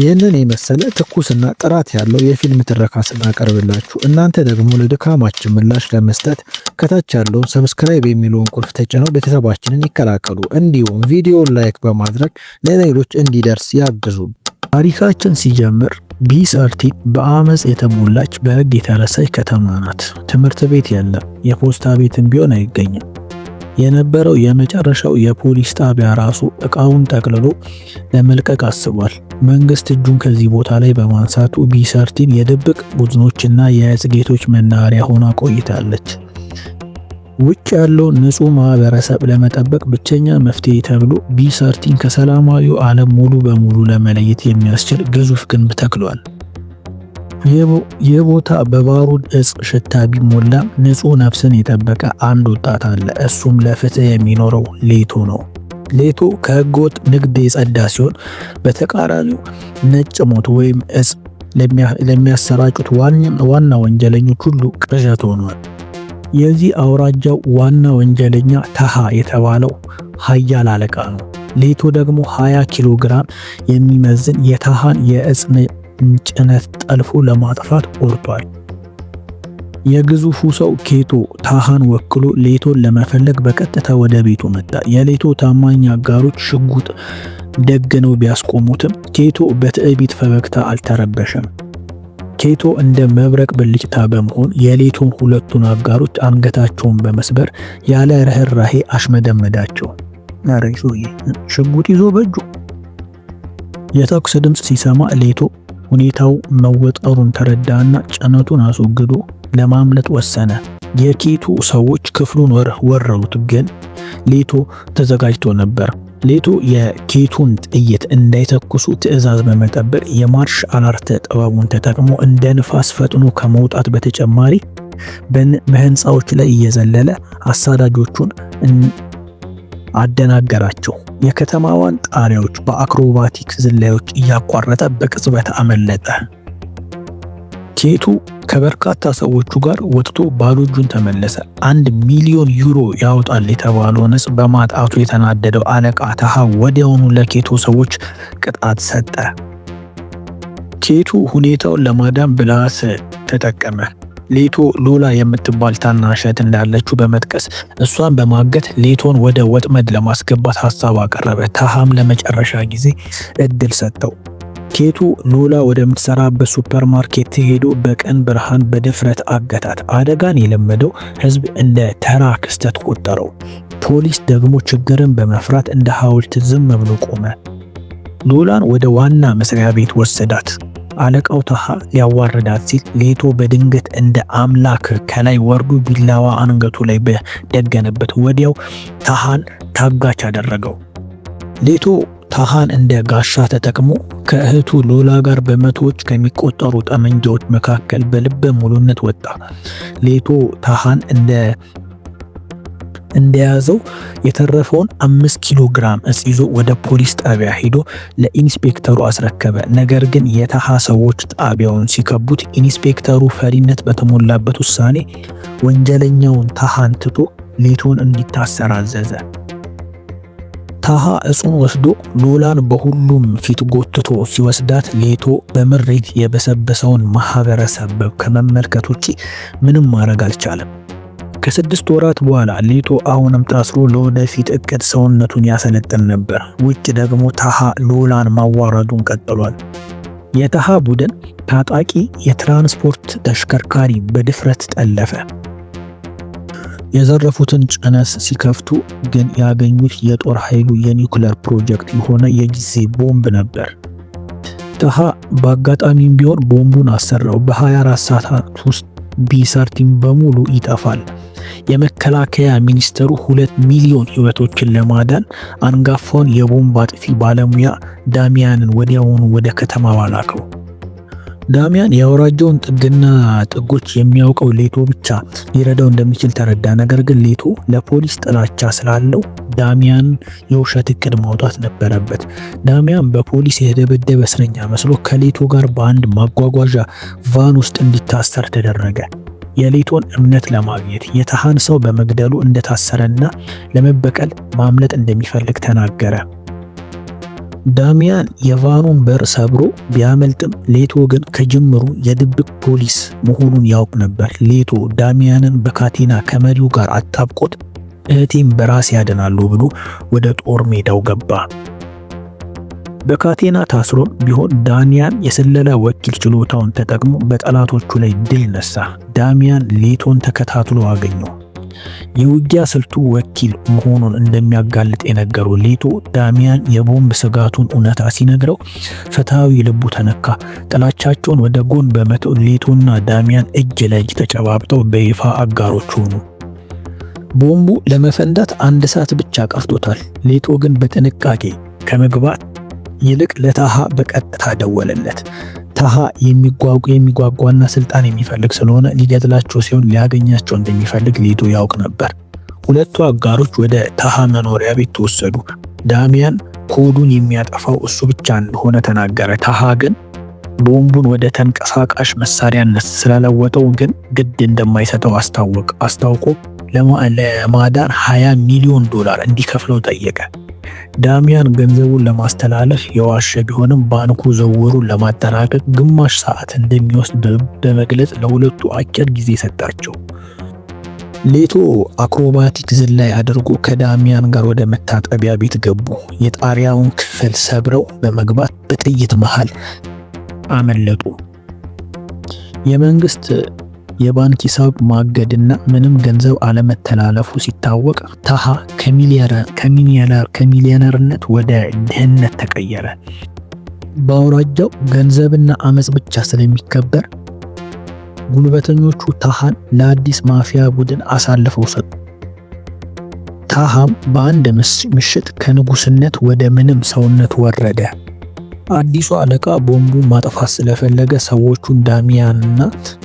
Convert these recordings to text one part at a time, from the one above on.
ይህንን የመሰለ ትኩስና ጥራት ያለው የፊልም ትረካ ስናቀርብላችሁ እናንተ ደግሞ ለድካማችን ምላሽ ለመስጠት ከታች ያለውን ሰብስክራይብ የሚለውን ቁልፍ ተጭነው ቤተሰባችንን ይቀላቀሉ። እንዲሁም ቪዲዮን ላይክ በማድረግ ለሌሎች እንዲደርስ ያግዙ። ታሪካችን ሲጀምር ቢስ በአመፅ የተሞላች በህግ የተረሳች ከተማ ናት። ትምህርት ቤት የለም፣ የፖስታ ቤትም ቢሆን አይገኝም። የነበረው የመጨረሻው የፖሊስ ጣቢያ ራሱ እቃውን ጠቅልሎ ለመልቀቅ አስቧል። መንግስት እጁን ከዚህ ቦታ ላይ በማንሳቱ ቢሰርቲን የድብቅ ቡድኖችና የአያጽ ጌቶች መናኸሪያ ሆና ቆይታለች። ውጭ ያለው ንጹህ ማህበረሰብ ለመጠበቅ ብቸኛ መፍትሄ ተብሎ ቢሰርቲን ከሰላማዊው ዓለም ሙሉ በሙሉ ለመለየት የሚያስችል ግዙፍ ግንብ ተክሏል። ይህ ቦታ በባሩድ እጽ ሽታ ቢሞላም ንጹህ ነፍስን የጠበቀ አንድ ወጣት አለ። እሱም ለፍትህ የሚኖረው ሌቶ ነው። ሌቶ ከህገወጥ ንግድ የጸዳ ሲሆን በተቃራኒው ነጭ ሞት ወይም እጽ ለሚያሰራጩት ዋና ወንጀለኞች ሁሉ ቅዠት ሆኗል። የዚህ አውራጃው ዋና ወንጀለኛ ታሃ የተባለው ሀያል አለቃ ነው። ሌቶ ደግሞ 20 ኪሎ ግራም የሚመዝን የታሃን የእጽ ጭነት ጠልፎ ለማጥፋት ቆርጧል። የግዙፉ ሰው ኬቶ ታሃን ወክሎ ሌቶን ለመፈለግ በቀጥታ ወደ ቤቱ መጣ። የሌቶ ታማኝ አጋሮች ሽጉጥ ደግነው ቢያስቆሙትም ኬቶ በትዕቢት ፈገግታ አልተረበሸም። ኬቶ እንደ መብረቅ ብልጭታ በመሆን የሌቶን ሁለቱን አጋሮች አንገታቸውን በመስበር ያለ ርኅራሄ አሽመደመዳቸው። ኧረ ሽጉጥ ይዞ በእጁ የተኩስ ድምፅ ሲሰማ ሌቶ ሁኔታው መወጠሩን ተረዳና ጭነቱን አስወግዶ ለማምለጥ ወሰነ። የኬቱ ሰዎች ክፍሉን ወረሩት፣ ግን ሌቶ ተዘጋጅቶ ነበር። ሌቶ የኬቱን ጥይት እንዳይተኩሱ ትዕዛዝ በመቀበል የማርሽ አላርት ጥበቡን ተጠቅሞ እንደ ንፋስ ፈጥኖ ከመውጣት በተጨማሪ በህንፃዎች ላይ እየዘለለ አሳዳጆቹን አደናገራቸው። የከተማዋን ጣሪያዎች በአክሮባቲክ ዝላዮች እያቋረጠ በቅጽበት አመለጠ። ቴቱ ከበርካታ ሰዎቹ ጋር ወጥቶ ባዶ እጁን ተመለሰ። አንድ ሚሊዮን ዩሮ ያወጣል የተባለው ነጽ በማጣቱ የተናደደው አለቃ ታሃ ወዲያውኑ ለኬቶ ሰዎች ቅጣት ሰጠ። ኬቱ ሁኔታውን ለማዳን ብላስ ተጠቀመ። ሌቶ ሎላ የምትባል ታናሽ እህት እንዳለችው በመጥቀስ እሷን በማገት ሌቶን ወደ ወጥመድ ለማስገባት ሀሳብ አቀረበ። ታሃም ለመጨረሻ ጊዜ እድል ሰጠው። ኬቱ ኖላ ወደምትሰራበት ሱፐርማርኬት ማርኬት ሄዶ በቀን ብርሃን በድፍረት አገታት። አደጋን የለመደው ህዝብ እንደ ተራ ክስተት ቆጠረው። ፖሊስ ደግሞ ችግርን በመፍራት እንደ ሐውልት ዝም ብሎ ቆመ። ኖላን ወደ ዋና መስሪያ ቤት ወሰዳት። አለቃው ተሃ ሊያዋርዳት ሲል ሌቶ በድንገት እንደ አምላክ ከላይ ወርዶ ቢላዋ አንገቱ ላይ በደገነበት ወዲያው ተሃን ታጋች አደረገው። ሌቶ ታሃን እንደ ጋሻ ተጠቅሞ ከእህቱ ሎላ ጋር በመቶዎች ከሚቆጠሩ ጠመንጃዎች መካከል በልበ ሙሉነት ወጣ። ሌቶ ታሃን እንደ እንደያዘው የተረፈውን አምስት ኪሎ ግራም እጽ ይዞ ወደ ፖሊስ ጣቢያ ሄዶ ለኢንስፔክተሩ አስረከበ። ነገር ግን የታሃ ሰዎች ጣቢያውን ሲከቡት ኢንስፔክተሩ ፈሪነት በተሞላበት ውሳኔ ወንጀለኛውን ታሃን ትቶ ሌቶን እንዲታሰር አዘዘ። ታሃ እጹን ወስዶ ሎላን በሁሉም ፊት ጎትቶ ሲወስዳት ሌቶ በምሬት የበሰበሰውን ማህበረሰብ ከመመልከት ውጪ ምንም ማድረግ አልቻለም። ከስድስት ወራት በኋላ ሌቶ አሁንም ታስሮ ለወደፊት እቅድ ሰውነቱን ያሰለጥን ነበር። ውጭ ደግሞ ታሃ ሎላን ማዋረዱን ቀጥሏል። የታሃ ቡድን ታጣቂ የትራንስፖርት ተሽከርካሪ በድፍረት ጠለፈ። የዘረፉትን ጭነስ ሲከፍቱ ግን ያገኙት የጦር ኃይሉ የኒውክለር ፕሮጀክት የሆነ የጊዜ ቦምብ ነበር። ተሃ በአጋጣሚም ቢሆን ቦምቡን አሰራው። በ24 ሰዓታት ውስጥ ቢሰርቲም በሙሉ ይጠፋል። የመከላከያ ሚኒስተሩ ሁለት ሚሊዮን ህይወቶችን ለማዳን አንጋፋውን የቦምብ አጥፊ ባለሙያ ዳሚያንን ወዲያውኑ ወደ ከተማ ባላከው። ዳሚያን የአውራጃውን ጥግና ጥጎች የሚያውቀው ሌቶ ብቻ ሊረዳው እንደሚችል ተረዳ። ነገር ግን ሌቶ ለፖሊስ ጥላቻ ስላለው ዳሚያን የውሸት እቅድ ማውጣት ነበረበት። ዳሚያን በፖሊስ የተደበደበ እስረኛ መስሎ ከሌቶ ጋር በአንድ ማጓጓዣ ቫን ውስጥ እንዲታሰር ተደረገ። የሌቶን እምነት ለማግኘት የተሃን ሰው በመግደሉ እንደታሰረና ለመበቀል ማምለጥ እንደሚፈልግ ተናገረ። ዳሚያን የቫኑን በር ሰብሮ ቢያመልጥም ሌቶ ግን ከጅምሩ የድብቅ ፖሊስ መሆኑን ያውቅ ነበር። ሌቶ ዳሚያንን በካቴና ከመሪው ጋር አጣብቆት እህቴም በራስ ያድናሉ ብሎ ወደ ጦር ሜዳው ገባ። በካቴና ታስሮም ቢሆን ዳሚያን የስለለ ወኪል ችሎታውን ተጠቅሞ በጠላቶቹ ላይ ድል ነሳ። ዳሚያን ሌቶን ተከታትሎ አገኘው። የውጊያ ስልቱ ወኪል መሆኑን እንደሚያጋልጥ የነገረው ሌቶ ዳሚያን የቦምብ ስጋቱን እውነታ ሲነግረው ፍትሐዊ ልቡ ተነካ። ጥላቻቸውን ወደ ጎን በመተው ሌቶና ዳሚያን እጅ ለእጅ ተጨባብጠው በይፋ አጋሮች ሆኑ። ቦምቡ ለመፈንዳት አንድ ሰዓት ብቻ ቀርቶታል። ሌቶ ግን በጥንቃቄ ከመግባት ይልቅ ለታሃ በቀጥታ ደወለለት። ታሃ የሚጓጉ የሚጓጓና ስልጣን የሚፈልግ ስለሆነ ሊገድላቸው ሲሆን ሊያገኛቸው እንደሚፈልግ ሊዱ ያውቅ ነበር። ሁለቱ አጋሮች ወደ ታሃ መኖሪያ ቤት ተወሰዱ። ዳሚያን ኮዱን የሚያጠፋው እሱ ብቻ እንደሆነ ተናገረ። ታሃ ግን ቦምቡን ወደ ተንቀሳቃሽ መሳሪያነት ስለለወጠው ግን ግድ እንደማይሰጠው አስታወቅ አስታውቆ ለማዳን 20 ሚሊዮን ዶላር እንዲከፍለው ጠየቀ። ዳሚያን ገንዘቡን ለማስተላለፍ የዋሸ ቢሆንም ባንኩ ዝውውሩን ለማጠናቀቅ ግማሽ ሰዓት እንደሚወስድ በመግለጽ ለሁለቱ አጭር ጊዜ ሰጣቸው። ሌቶ አክሮባቲክ ዝላይ አድርጎ ከዳሚያን ጋር ወደ መታጠቢያ ቤት ገቡ። የጣሪያውን ክፍል ሰብረው በመግባት በጥይት መሃል አመለጡ። የመንግስት የባንክ ሂሳብ ማገድና ምንም ገንዘብ አለመተላለፉ ሲታወቅ ታሃ ከሚሊዮነርነት ወደ ድህነት ተቀየረ። በአውራጃው ገንዘብና አመፅ ብቻ ስለሚከበር ጉልበተኞቹ ታሃን ለአዲስ ማፊያ ቡድን አሳልፈው ሰጡ። ታሃም በአንድ ምሽት ከንጉስነት ወደ ምንም ሰውነት ወረደ። አዲሱ አለቃ ቦምቡን ማጥፋት ስለፈለገ ሰዎቹን ዳሚያንና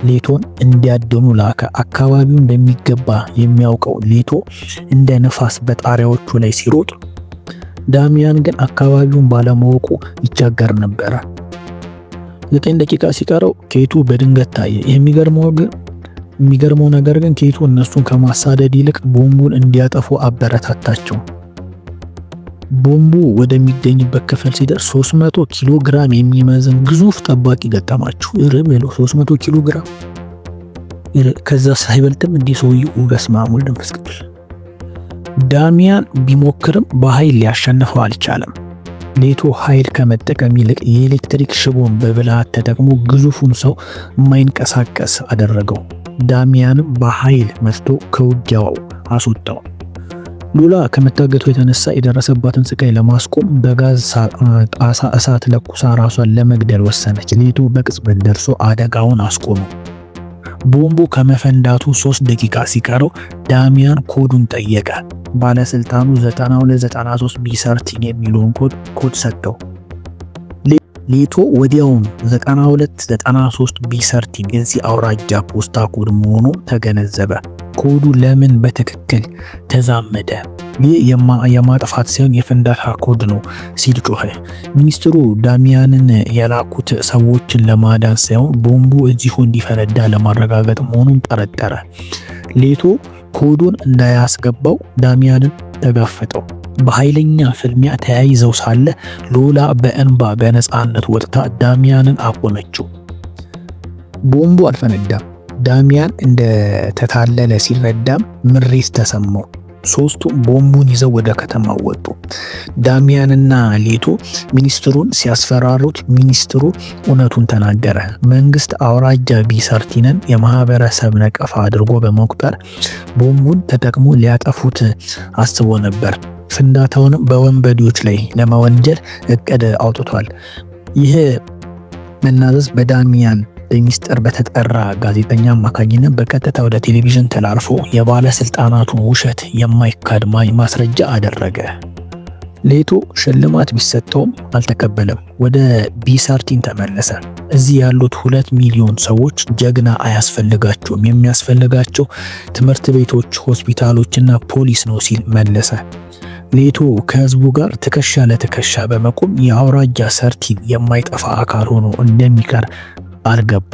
ሌቶን እንዲያድኑ ላከ። አካባቢውን በሚገባ የሚያውቀው ሌቶ እንደ ንፋስ በጣሪያዎቹ ላይ ሲሮጥ፣ ዳሚያን ግን አካባቢውን ባለማወቁ ይቻገር ነበረ። ዘጠኝ ደቂቃ ሲቀረው ኬቱ በድንገት ታየ። የሚገርመው ግን የሚገርመው ነገር ግን ኬቱ እነሱን ከማሳደድ ይልቅ ቦምቡን እንዲያጠፉ አበረታታቸው። ቦምቡ ወደሚገኝበት ክፍል ሲደርስ 300 ኪሎ ግራም የሚመዝን ግዙፍ ጠባቂ ገጠማችሁ። ርም ለው 300 ኪሎ ግራም ከዛ ሳይበልጥም እንዲህ ሰውዬው በስማሙ መንፈስ ቅዱስ። ዳሚያን ቢሞክርም በኃይል ሊያሸንፈው አልቻለም። ኔቶ ኃይል ከመጠቀም ይልቅ የኤሌክትሪክ ሽቦን በብልሃት ተጠቅሞ ግዙፉን ሰው የማይንቀሳቀስ አደረገው። ዳሚያንም በኃይል መስቶ ከውጊያው አስወጣው። ሉላ ከመታገቱ የተነሳ የደረሰባትን ስቃይ ለማስቆም በጋዝ ጣሳ እሳት ለኩሳ ራሷን ለመግደል ወሰነች። ሌቶ በቅጽበት ደርሶ አደጋውን አስቆመ። ቦምቡ ከመፈንዳቱ ሶስት ደቂቃ ሲቀረው ዳሚያን ኮዱን ጠየቀ። ባለስልጣኑ 9293 ቢሰርቲን የሚለውን ኮድ ሰጠው። ሌቶ ወዲያውኑ 9293 ቢሰርቲን የዚህ አውራጃ ፖስታ ኮድ መሆኑ ተገነዘበ። ኮዱ ለምን በትክክል ተዛመደ? ይህ የማጥፋት ሲሆን የፍንዳታ ኮድ ነው ሲል ጮኸ። ሚኒስትሩ ዳሚያንን የላኩት ሰዎችን ለማዳን ሳይሆን ቦምቡ እዚሁ እንዲፈነዳ ለማረጋገጥ መሆኑን ጠረጠረ። ሌቶ ኮዱን እንዳያስገባው ዳሚያንን ተጋፈጠው። በኃይለኛ ፍልሚያ ተያይዘው ሳለ ሎላ በእንባ በነፃነት ወጥታ ዳሚያንን አቆመችው። ቦምቡ አልፈነዳም። ዳሚያን እንደተታለለ ሲረዳም ምሬት ተሰማው። ሶስቱም ቦምቡን ይዘው ወደ ከተማው ወጡ። ዳሚያንና ሌቶ ሚኒስትሩን ሲያስፈራሩት ሚኒስትሩ እውነቱን ተናገረ። መንግስት አውራጃ ቢሰርቲነን የማህበረሰብ ነቀፋ አድርጎ በመቁጠር ቦምቡን ተጠቅሞ ሊያጠፉት አስቦ ነበር። ፍንዳታውንም በወንበዴዎች ላይ ለመወንጀል እቅድ አውጥቷል። ይህ መናዘዝ በዳሚያን በሚስጥር በተጠራ ጋዜጠኛ አማካኝነት በቀጥታ ወደ ቴሌቪዥን ተላልፎ የባለስልጣናቱን ውሸት የማይካድ ማስረጃ አደረገ። ሌቶ ሽልማት ቢሰጠውም አልተቀበለም። ወደ ቢሳርቲን ተመለሰ። እዚህ ያሉት ሁለት ሚሊዮን ሰዎች ጀግና አያስፈልጋቸውም፣ የሚያስፈልጋቸው ትምህርት ቤቶች፣ ሆስፒታሎችና ፖሊስ ነው ሲል መለሰ። ሌቶ ከህዝቡ ጋር ትከሻ ለትከሻ በመቆም የአውራጃ ሰርቲን የማይጠፋ አካል ሆኖ እንደሚቀር አልገባ